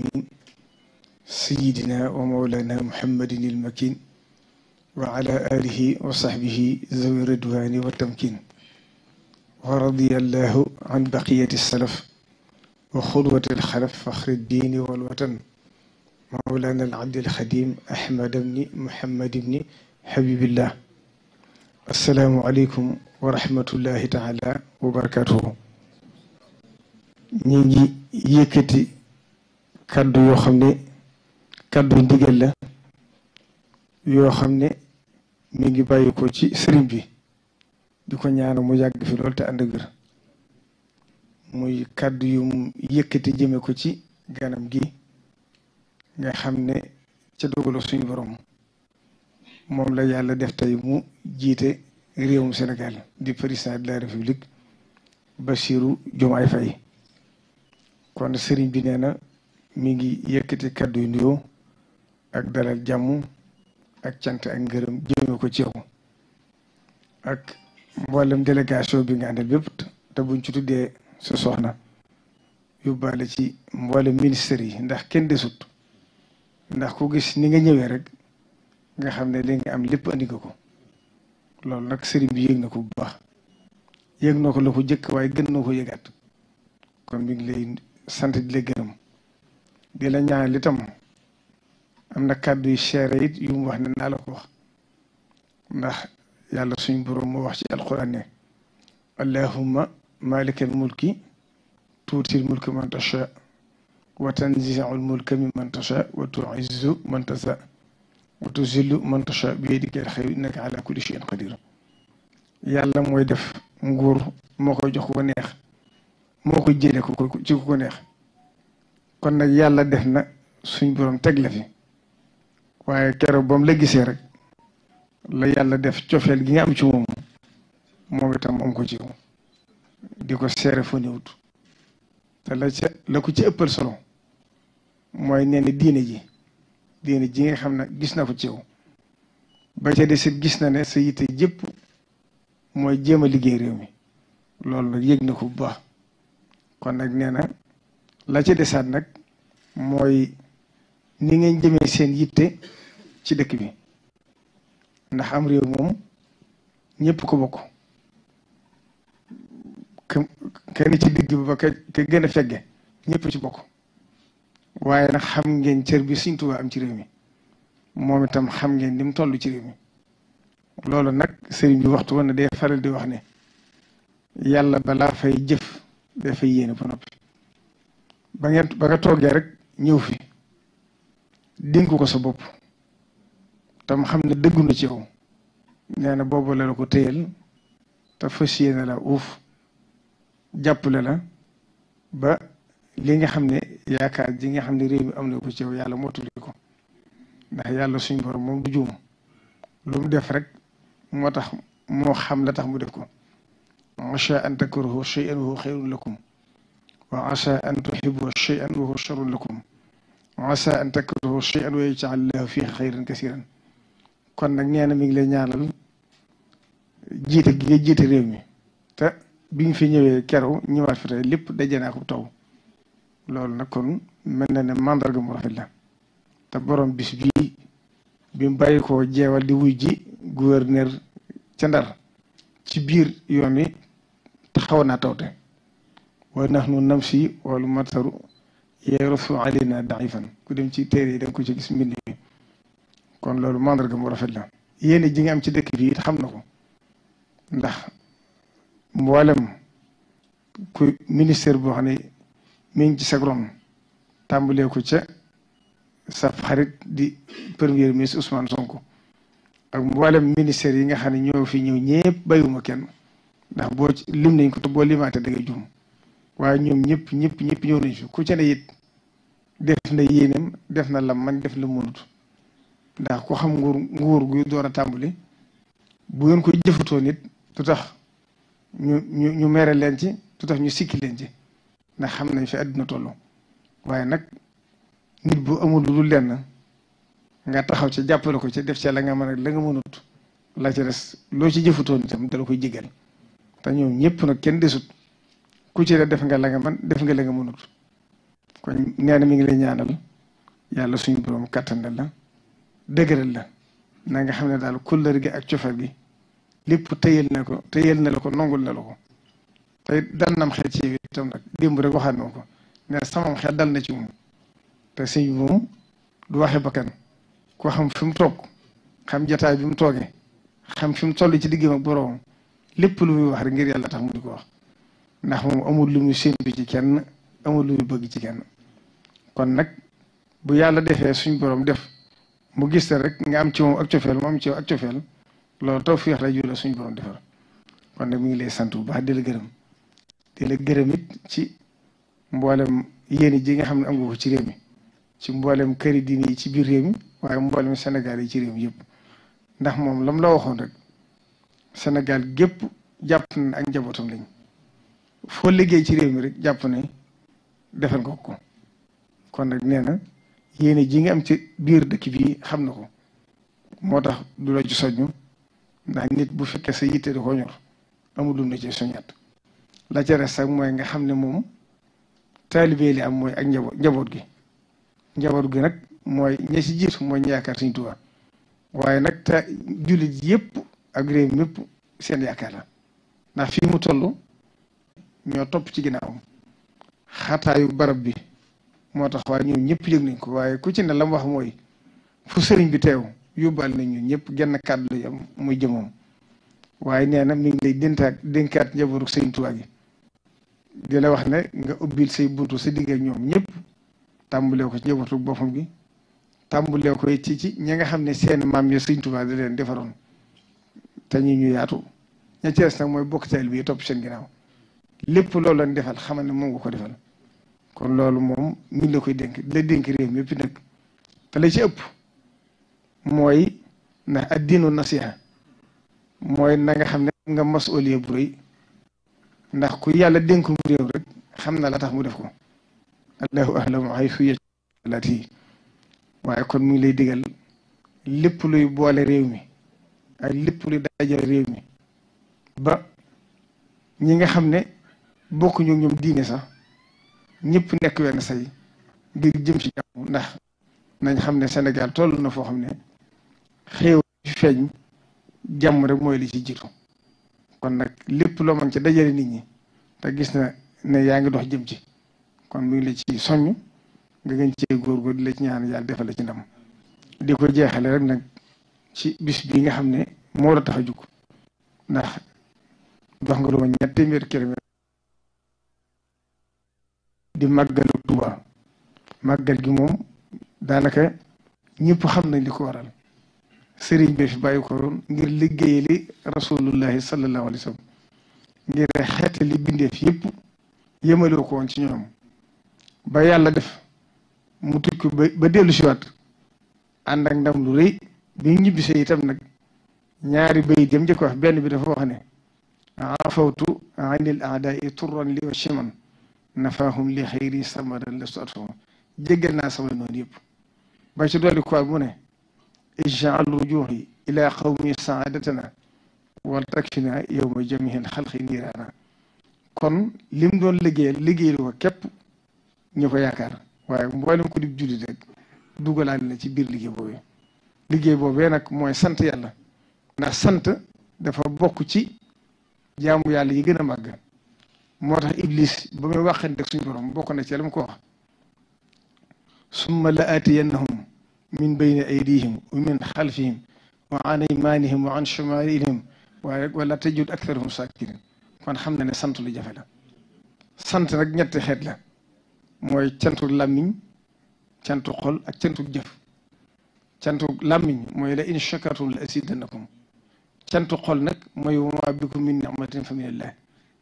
العالمين سيدنا ومولانا محمد المكين وعلى آله وصحبه ذوي الرضوان والتمكين ورضي الله عن بقية السلف وخلوة الخلف فخر الدين والوطن مولانا العبد الخديم أحمد بن محمد بن حبيب الله السلام عليكم ورحمة الله تعالى وبركاته نيجي يكتي kaddu yoo xam ne kaddu ndigal la yoo xam ne mu ngi bàyyi ko ci sëriñ bi di ko ñaana mu yàgg fi lool te ànd gër muy kàddu yu mu yëkkati jëme ko ci ganam gi nga xam ne ca dogalu suñu borom moom la yàlla def tey mu jiite réewum Sénégal di président de la république Bassirou Diomaye Faye kon sëriñ bi nee mi ngi yëkkati kàddu yu nuyoo ak dalal jàmm ak cant ak ngërëm jëme ko ci yow ak mboolem délégation bi nga bépp te buñ ci tuddee sa soxna yóbbaale ci mboolem ministère yi ndax kenn desut ndax ku gis ni nga ñëwee rek nga xam ne li nga am lépp andi nga ko loolu nag sëri bi yëg na ko bu baax yëg na ko la ko jëkk waaye gën na ko yëgaat kon mi ngi lay sant di la gërëm. di la ñaanal itam am na kàddu yu seere it yu mu wax ne naa wax ndax yàlla suñ borom moo wax ci alquran ne allahumma malikal mulki tuutil mulki man tasha wa tanziul mulka mimman tasha wa tuizzu man tasha wa tuzillu man tasha bi yadika alxayru innaka ala kulli shay'in qadir yàlla mooy def nguur moo jox ko neex moo ko neex kon nag yàlla def na suñ borom teg la fi waaye keroog ba mu la gisee rek la yàlla def cofeel gi nga am ci moom moom itam moom ko ci di ko seere fa néewut te la ko ci ëppal solo mooy nee na diine ji diine ji nga xam ne gis na ko ci yow ba ca desit gis na ne sa yitte jëpp mooy jéem a liggéey réew mi loolu nag yëg na ko bu baax kon nag nee na la ci desaat nag mooy ni ngeen jëmee seen yitte ci dëkk bi ndax am réew moom ñëpp ko bokk kenn ci digg ba ke gën a fegge ñëpp ci bokk waaye xam ngeen cër bi Sëriñ Tuubaa am ci réew mi moom itam xam ngeen ni mu toll ci réew mi loolu nag sëriñ bi waxtu woon na day faral di wax ne yàlla balaa fay jëf dafay yéene ba noppi ba ngeen ba nga toogee rek ñëw fi dénk ko sa bopp tam xam ne dëggu na ci yow nee na boobu la la ko téyel te fas na la uuf jàppale la ba li nga xam ne yaakaar ji nga xam ne réew mi am na ko yàlla mottali ko ndax yàlla suñ borom moom du juum mu def rek moo tax moo xam la tax mu def ko macha an takrahu shay'an huwa khayrun wa asa an tuhibu shay'an wa huwa sharrun lakum wa asa an takrahu shay'an wa yaj'al lahu fihi xayran kasiran kon nag nee na mi ngi lay ñaanal jiite gi nga jiite réew mi te bi ñu fi ñëwee keroog ñëwaat fi tey lépp daje naa ko taw loolu nag kon mel na ne mandarga mu rafet la te borom bis bi mu bàyyi koo jeewal di wuy ji gouverneur ca ndar ci biir yoon wi naa tawte wa nahnu namshi wal mataru yarusu alina daifan ku dem ci téere yi da ko ci gis mbind kon loolu mandarga moo rafet la yéen ji nga am ci dëkk bi it xam na ko ndax mboolem ku ministère boo xam ne mi ngi ci sa ron tàmbalee ko ca sa xarit di premier ministre Ousmane Sonko ak mboolem ministère yi nga xam ne ñoo fi ñëw ñëpp bayuma kenn ndax boo lim nañ ko te boo limaatee da ngay waaye ñoom ñëpp ñëpp ñëpp ñëw nañ fi ku ci ne it def na yéenem def na lam man def la mënut ndax ko xam nguur nguur guy door a tàmbali bu ngeen koy jëfatoo nit du tax ñu ñu ñu mere leen ci du tax ñu sikki leen ci ndax xam nañ fi àdduna tollu waaye nag nit bu amul lu lenn nga taxaw ci jàppale ko ci def ci la nga mën ak la nga mënut la ci des loo ci jëfatoo nitam dala koy jéggal te ñoom ñëpp nag kenn desut ku ci def nga la nga man def nga la nga ko ñaana mi ngi lay ñaanal yàlla suñu borom kattan la dëgëral la na nga xam ne daal kóllër gi ak cofar gi lépp tëyal ne ko tëyal na nongul na la ko te dal nam xel ci yow itam nag démb rek waxaat na ko ne samam xel dal na ci moom te sëñ moom du waxe bakkan ko xam fi mu toog xam jataay bi mu toogee xam fi mu toll ci diggam ak boroom lépp lu muy wax rek ngir yàlla tax mu di ko wax ndax moom amul lu muy séntu ci kenn amul lu bëgg ci kon nag bu yàlla defee suñ borom def mu gis rek nga am ci moom ak cofeel mu am ci ak cofeel loolu tawfeex la jula suñ borom defar kon nag mu ngi lay sant bu baax di gërëm di gërëm it ci mboolem yéen ji nga xam ne am ci réew mi ci mboolem këri diine ci biir réew mi waaye mboolem Sénégal yi ci réew mi yëpp ndax moom lam la waxoon rek senegal gépp jàpp na ak njabootam lañ foo liggéey ci réew mi rek jàpp ne defal nga ko kon nag nee na yéene ji nga am ci biir dëkk bi xam na ko moo tax du la ci soññu ndax nit bu fekkee sa yitte da koo ñor amul lu mu la ci soññaat la ca res ak mooy nga xam ne moom taalibe li am mooy ak njaboot njaboot gi njaboot gi nag mooy ña si jiitu mooy ñu yaakaar Sëriñ Tuubaa waaye nag jullit jullit yëpp ak réew mépp seen yaakaar la ndax fii mu toll ñoo topp ci ginnaaw xataayu barab bi moo tax waaye ñoom ñëpp yëg nañ ko waaye ku ci ne la mu wax mooy fu sëriñ bi teew yóbbaal nañ ñu ñëpp genn kàddu la yam muy jëmoom waaye nee na mi ngi lay déntaat dénkaat njabootu sëriñ gi di la wax ne nga ubbil say buntu sa digg ak ñoom ñëpp tàmbulee ko ci njabootu boppam gi tàmbulee ko ci ci ñi nga xam ne seen maam ya sëriñ Tuubaa di leen defaroon te ñu ñu yaatu ña ci des mooy bokk taal bi topp seen ginnaaw lépp loolu lañ defal xamal ne moom nga ko defal kon loolu moom ñun la koy dénk la dénk réew mi yëpp nag te la ci ëpp mooy na addinu nasiha mooy na nga xam ne nga masuliya bu rëy ndax ku yàlla dénkum réew rek xam na la tax mu def ko allahu ahlamu haysu yaj'alu yi waaye kon mu ngi lay digal lépp luy boole réew mi ak lépp luy dajal réew mi ba ñi nga xam ne bokk ñu ñoom diine sax ñëpp nekk wenn say ngir jëm ci jàmm ndax nañ xam ne Sénégal toll na foo xam ne xéew feeñ jàmm rek mooy li ci jiitu kon nag lépp loo mën ci dajale nit ñi te gis na ne yaa ngi dox jëm ci kon mu ngi la ci soññ nga gën cee góorgóor di la ci ñaan yàlla defal ci ndam di ko jeexale rek nag ci bis bi nga xam ne moo la tax a jug ndax dox nga lu ma ñetti téeméer kilomètre di màggalu gi moom daanaka ñëpp xam nañ li ko waral sëriñ bi fi bàyyi ko woon ngir liggéeyali rasulullahi sallallahu alayhi wa sallam ngir xeeta li bindeef yëpp yëmaloo ko woon ci ñoom ba yàlla def mu tukki ba dellu siwaat ànd ak ndam lu rëy bi ñibbisee itam nag ñaari bay dem njëkk wax benn bi dafa wax ne afawtu anil aadai turran li wa chiman nafaahum li xayri samadan lastu atfahum jéggal naa samay noonu yëpp ba ci dolli quoi mu ne ijal rujuuxi ila qawmi saadatana wal takfina yowma jamihil xalqi niiraana kon lim doon liggéeyal liggéeyal ko képp ñu ko yaakaar waaye mboolem ko dib jullit rek dugalaale na ci biir liggéey boobu liggéey boobee nag mooy sant yàlla ndax sant dafa bokk ci jaamu yàlla yi gën a màgg moo tax iblis ba muy waxante ak suñu borom bokk na ci la mu ko wax summa la aatiyannahum min bayni aydihim wa min xalfihim wa an aymanihim wa an shamaailihim waaye kon xam na ne sant lu jafe la sant nag ñetti xeet la mooy cantu làmmiñ cantu xol ak cantu jëf cantu làmmiñ mooy la in shakartum la asidanakum cantu xol nag mooy wa ma bikum min nicmatin fa minallah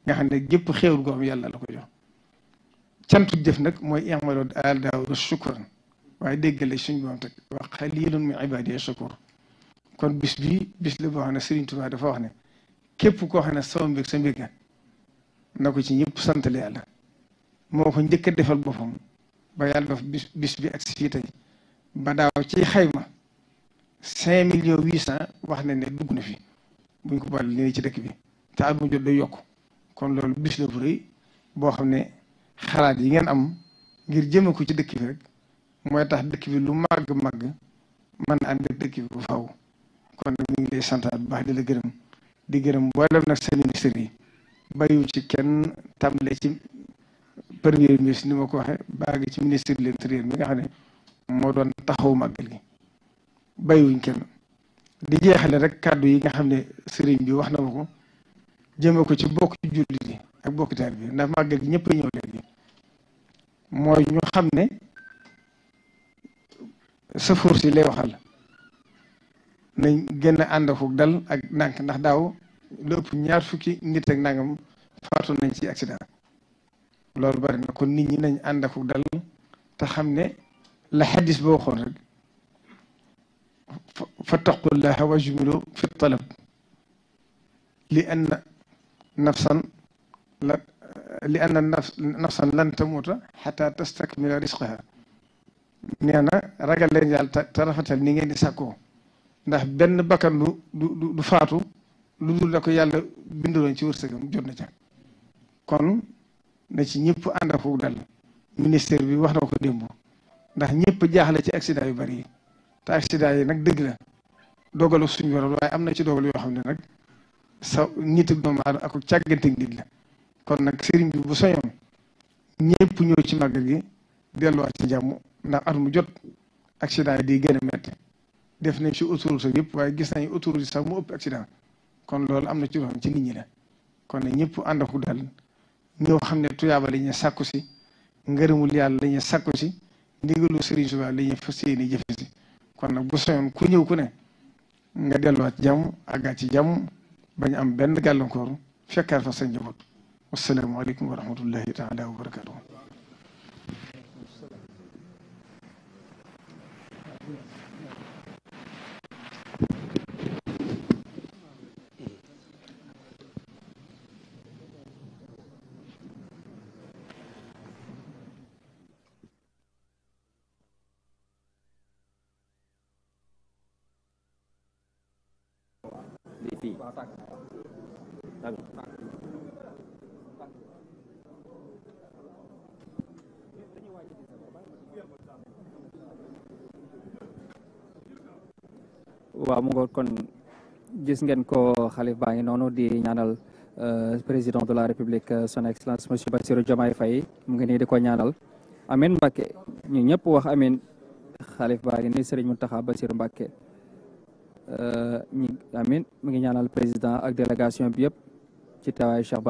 nga xam ne gépp xéewal goo xam yàlla la ko jox cantu jëf nag mooy i'malu aala Daawuda shukran waaye déggale suñ boom teg wa xaliilun min ibaadiya shakuur kon bis bii bis la boo xam ne Sëriñ Tuubaa dafa wax ne képp koo xam ne sama mbég sa mbég na ko ci ñëpp santale yàlla moo ko njëkk a defal boppam ba yàlla def bis bi ak si fii tey ba daaw ci xayma cinq millions huit cent wax ne ne dugg na fi buñ ko bàll léegi ci dëkk bi te at jot day yokk kon loolu bis la bu rëy boo xam ne xalaat yi ngeen am ngir jëme ko ci dëkk bi rek mooy tax dëkk bi lu màgg màgg mën na ànd ak dëkk bi bu faw kon nag ñu ngi lay santaat bu baax di la gërëm di gërëm mboolem nag sa ministère yi bàyyiwu ci kenn tàmbale ci premier ministre ni ma ko waxee baagi ci ministre de l'intérieur mi nga xam ne moo doon taxaw màggal gi bàyyiwuñ kenn di jeexale rek kàddu yi nga xam ne sëriñ bi wax na ma ko jëme ko ci bokk julli yi ak bokk taal bi ndax màggal gi ñëpp a ñëw léegi mooy ñu xam ne safoor si lay waxal nañ gën a dal ak ndànk ndax daaw lu ëpp ñaar fukki nit teg nangam faatu nañ ci accident loolu bari kon nit ñi nañ ànd ak dal te xam ne la xadis boo waxoon rek fattaqullaha wajmilu fi talab li anna nafsan la li anna nafsan lan tamuuta xataa tastakmila risqaha nee na ragal leen yàlla te rafetal ni ngeen di sàkkoo ndax benn bakkan du du faatu lu dul la ko yàlla binduloon ci wërsëgam jot na ca kon na ci ñëpp ànd ak dal ministère bi wax na ko démb ndax ñëpp jaaxle ci accident yu bari yi te accident yi nag dëgg la dogalu suñu borom waaye am na ci dogal yoo xam ne nag sa nit ak doomu aadama ak càggante nit la kon nag sëriñ bi bu soñoon ñëpp ñëw ci màggal gi delluwaat ci jàmm ndax at mu jot accident di gën a metti def nañ ci autoroute yëpp waaye gis nañ autoroute sax mu ëpp accident kon loolu am na ci loon ci la kon nag ñëpp ànd ak xam ne tuyaaba la sakku sàkku si ngërëmul yàlla la ñuy sàkku si ndigalu sëriñ Tuubaa la ñuy fas yéene jëfe si kon nag bu soñoon ku ñëw ku ne nga delluwaat ci jàmm àggaat ci jàmm bañ am benn gàllankoor fekkaat fa sëñ njaboot wasalaamaaleykum wa rahmatullahi taala wa barakaatu fii tànk kon gis ngeen ko xalif baa ngi noonu di ñaanal euh, président de la république euh, son excellence monsieur Bassirou Diomaye Faye mu ngi nii di ko ñaanal amin Mbacke ñu ñëpp wax amin xalif baa ngi nii Serigne Mountakha Bassirou Mbacke Euh, ñu amin mu ngi ñaanal président ak délégation bi yëpp ci teewaayu Cheikh